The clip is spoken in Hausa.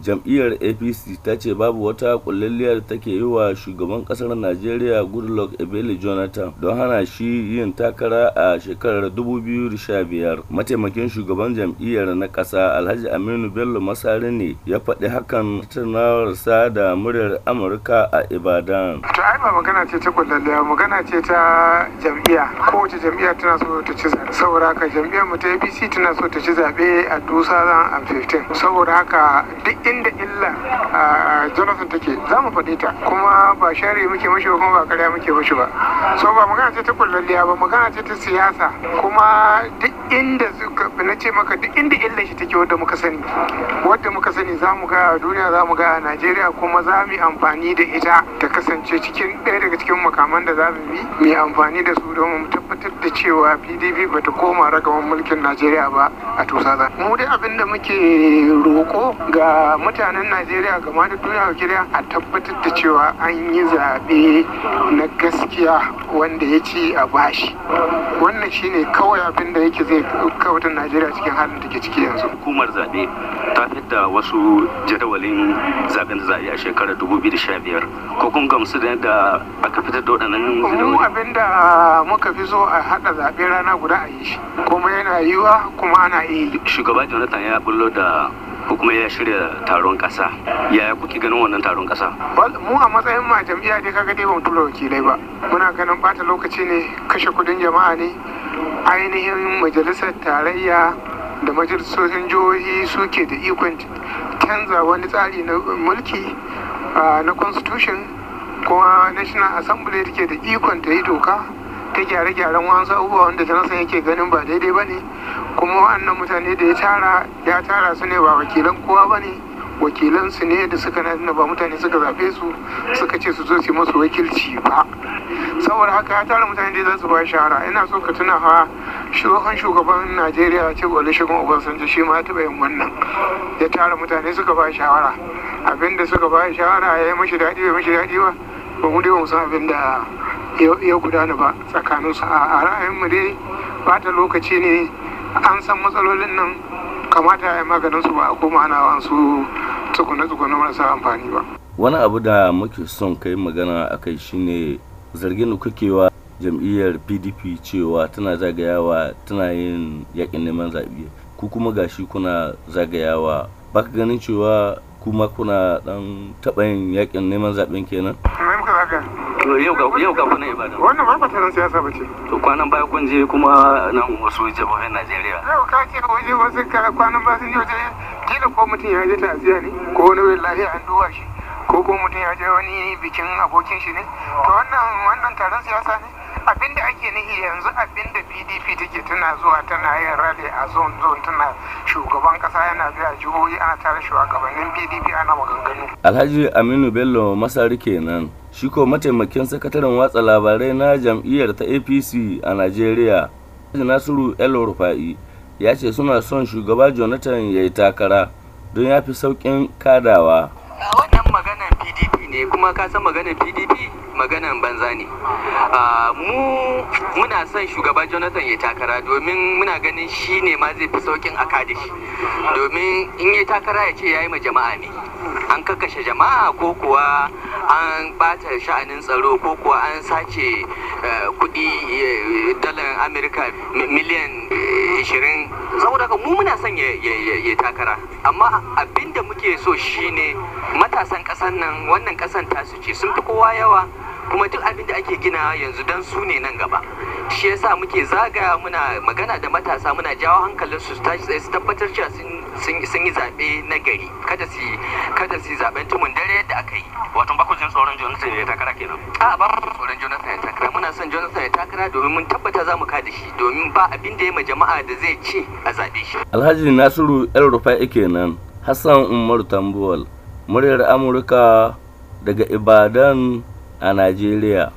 jam'iyyar apc ta ce babu wata kullalliyar take yi wa shugaban kasar najeriya goodluck ebele jonathan don hana shi yin takara a shekarar 2015 mataimakin shugaban jam'iyyar na kasa alhaji aminu bello masari ne ya faɗi hakan tattaunawarsa da muryar amurka a ibadan to ai ba magana ce ta kullalliya magana ce ta jam'iyya kowace jam'iyya tana so ta ci zaɓe saboda haka jam'iyyar mu ta apc tana so ta ci zaɓe a 2015 saboda haka duk inda illa jonathan take za mu faɗe ta kuma ba share muke mashi ba kuma ba karya muke mashi ba so ba magana ce ta kullalliya ba magana ce ta siyasa kuma duk inda na ce maka duk inda illa shi take wadda muka sani wadda muka sani za mu ga a duniya za mu ga a najeriya kuma za mu yi amfani da ita ta kasance cikin ɗaya daga cikin makaman da za mu bi mai amfani da su don mu tabbatar da cewa pdp ba ta koma ragaman mulkin najeriya ba a tusa za mu dai abin da muke roƙo ga mutanen najeriya gama da duniya gida a tabbatar da cewa an yi zaɓe na gaskiya wanda ya ci a bashi wannan shine kawai abin da yake zai kawatar najeriya cikin halin da ke ciki yanzu hukumar zaɓe ta fitar da wasu jadawalin zaɓen da za a yi a shekarar 2015 ko kuma gamsu da yadda aka fitar da waɗannan mu abin da ah, muka fi so a haɗa zaɓe rana guda a yi shi kuma yana yiwa kuma ana yi shugaba jonathan ya bullo da ko ya shirya taron kasa yaya kuke ganin wannan taron kasa mu a matsayin ma jam'iyya dai kaga dai ban tura wakilai ba muna ganin bata lokaci ne kashe kudin jama'a ne ainihin majalisar tarayya da majalisoshin jihohi suke da ikon canza wani tsari na mulki ah, na constitution kuma national assembly take da ikon ta yi doka ta gyare-gyaren wasu abubuwa wanda ta nasa yake ganin ba daidai ba ne kuma wa'annan mutane da ya tara ya tara su ne ba wakilan kowa ba ne wakilan su ne da suka nuna ba mutane suka zaɓe su suka ce su zo su masu wakilci ba saboda haka ya tara mutane da za su ba shahara ina so ka tuna ha shugaban shugaban najeriya ce olusegun obasanjo shi ma taɓa yin wannan ya tara mutane suka ba shahara abinda suka ba shahara ya yi mashi daɗi ya mashi daɗi ba ba mu dai wasu abin da ya gudana ba tsakanin su a mu dai ta lokaci ne an san matsalolin nan kamata ya maganin su ba a koma ana su tsugune-tsugune marasa amfani ba wani abu da muke son kai magana a kai shine zargin kukewa jam'iyyar pdp cewa tana zagayawa tana yin yakin neman zaɓe ku kuma gashi kuna zagayawa ba ganin cewa kuma kuna dan taɓa yin yakin neman zaɓen kenan haka yau ga yau ga kuna ibada wannan ba kwatanin siyasa ba ce to kwanan baya kun je kuma nan wasu jihohin Najeriya yau ka ce waje wasu kwanan baya sun je waje kila ko mutum ya je ta'aziya ne ko wani wani lafiya an duba shi ko ko mutum ya je wani bikin abokin shi ne to wannan wannan taron siyasa ne abinda ake nihi yanzu abinda pdp take tana zuwa tana yin rally a zone zone tana shugaban kasa yana biya jihohi ana tare shugabannin pdp ana maganganu alhaji aminu bello masari kenan shi ko mataimakin sakataren watsa labarai na jam'iyyar ta apc a najeriya nasiru el rufa'i ya ce suna son shugaba jonathan ya yi takara don ya fi sauƙin kadawa wannan maganan pdp ne kuma ka san maganan pdp maganan banza ne mu muna son shugaba jonathan ya takara domin muna ganin shi ne ma zai fi saukin a shi domin in ya takara ya ce ya yi ma jama'a ne an kakashe jama'a ko kuwa an bata sha'anin tsaro ko kuwa an sace eh, kudi eh, dalar amurka miliyan 20 eh, saboda haka mu muna son ya takara amma abinda muke so shine matasan kasan nan wannan kasan tasu ce sun fi kowa yawa kuma duk abin da ake gina yanzu don su ne nan gaba shi yasa muke zagaya muna magana da matasa muna jawo hankalin su tashi su tabbatar cewa sun yi zaɓe na gari kada su kada su zaɓen tumun dare yadda aka yi wato ba ku jin tsoron Jonathan ya takara kenan a ba ku tsoron Jonathan ya takara muna son Jonathan ya takara domin mun tabbata za mu kada shi domin ba abin da ya ma jama'a da zai ce a zaɓe shi Alhaji Nasiru El Rufai kenan Hassan Umaru Tambuwal muryar Amurka daga Ibadan and Nigeria.